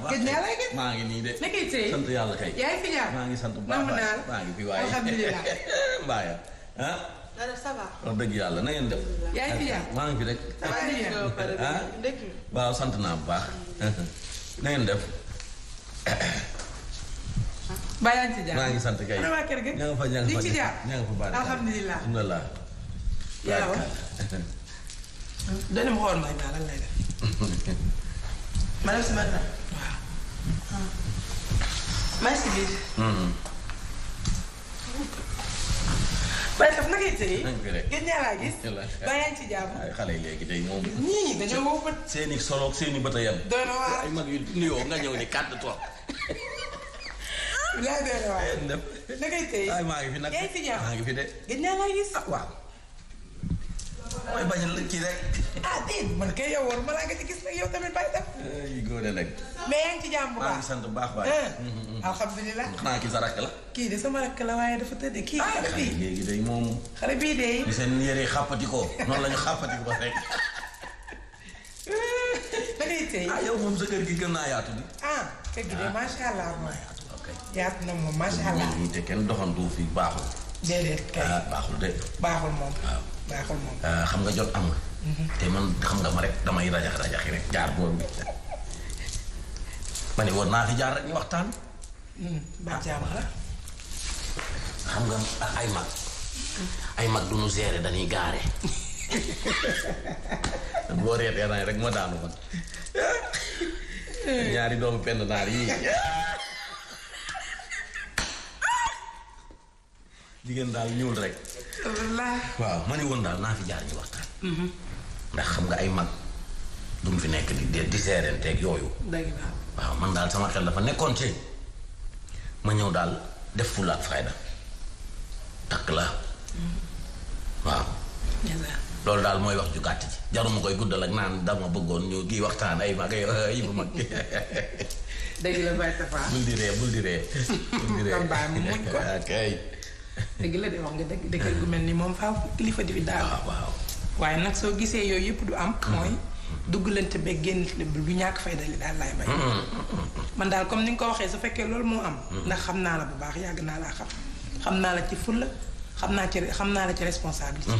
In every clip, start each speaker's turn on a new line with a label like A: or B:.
A: gëj naa lay gëj maa ngi nii de. nekkee tey sant yàlla kay. yaa ngi fi ñaar maa ngi sant bu baax maa ngi fi waaye alhamdulilah. mbaa ya ah. dara ça va. wax dëgg yàlla na ngeen def. yaa ngi fi ñaar maa ngi fi rek. ah waaw sant naa bu baax. na ngeen def.
B: bàyyi naa ci jaar maa ngi sant kay. waa kër gi ña nga fa ña nga fa ña nga fa baax alhamdulilah. alhamdulilah. yaaw. danañ xool may naa lan lay def. madame Simata. maa ngi si biir.
A: daf naka itee. gën ñaa laa gis. ba yaa ngi ci jàmm. xale yi léegi day moom. ñii dañoo wow bët. seen i solo ak seen i bët a yem. doy na waar ay mag yu nuyoo nga ñëw ni kàddu toog. laa doy na waar. naka itee. ay maa ngi fi nag yaa ngi fi de. gën ñaa laa gis. ah waaw. mooy bañ a kii rek.
B: Ah, man kay yow war ma laa nga ci gis nag yow tamit bàyyi tam.
A: ay góor nag.
B: mais yaa ngi ci jàmm bu baax maa ngi
A: sant bu baax waay. Eh, mm-hmm, mm-hmm.
B: alhamdulilah. xanaa kii sa rakk la. kii de sama rakk la waaye dafa tëdd kii. Ah, xale
A: bii ah léegi day moom.
B: xale bii de. di
A: seen yére xàppati ko noonu la ñu xàppati ko rek. da ngay tey. ah yow moom sa kër gi gën naa yaatu di.
B: ah kër gi ma ah, macha allah. yaatu na moom macha
A: allah. te Ah, baaxul de. baaxul moom waaw ah. ah, xam nga jot amul. Mhm. te man xam nga ma rek damay rajax rajaxi rek jaar boobu ma ne woon naa fi jaar rek ñu waxtaan. Hmm, ba xam nga ay mag. ay mag du ñu gérer dañuy gaare. boo reetee rek ma daanu man. Eh. ñaari doomu penn naar yii. jigéen daal ñuul rek. waaw ma ne woon daal naa fi jaar ñu waxtaan. Mhm. ndax xam nga ay mag duñ fi nekk di di seerenteeg yooyu. waaw man daal sama xel dafa nekkoon ci ma ñëw daal def fulla ak fayda takk la mhm. waaw. loolu daal mooy wax ju gàtt ji jaruma koy guddal ak naan dama bëggoon ñu kii waxtaan ay mag ay bu mag.
B: dëgg la Baye Tafa. bul
A: di ree bul di ree. bul di ree.
B: dëgg la de wax nga dëgg dëkkal gu mel ni moom faaw kilifa di fi daal. Ah, waaw waaye nag soo gisee yooyu yëpp du am. Mm-hmm. mooy duggalante beeg génn bu ñàkk fayda li daal laay bay. Mm-hmm. man daal comme ni nga ko waxee su fekkee loolu moo am. Mm-hmm. ndax xam naa la bu baax yàgg naa laa xam. xam naa la ci fulla xam naa ci xam naa la ci responsabilité.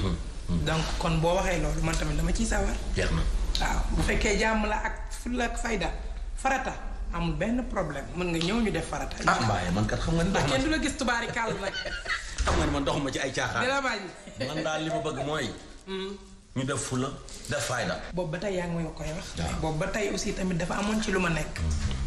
B: donc kon boo waxee loolu man tamit dama ciy sawar. jeex waaw bu fekkee jàmm la ak fulla ak fayda farata. amul benn problème mën nga ñëw ñu def farata. ah mbaaye man
A: kat xam nga ni. kenn
B: du la gis tubaari kàll nag.
A: xam nga ni man doxuma ci ay caaxaan. dina
B: bañ. man daal li ma bëgg mooy. Hmm.
A: ñu def fula def fayda. boobu ba tey yaa ngi may koy wax. boobu ba tey aussi tamit dafa amoon ci lu ma nekk. Hmm.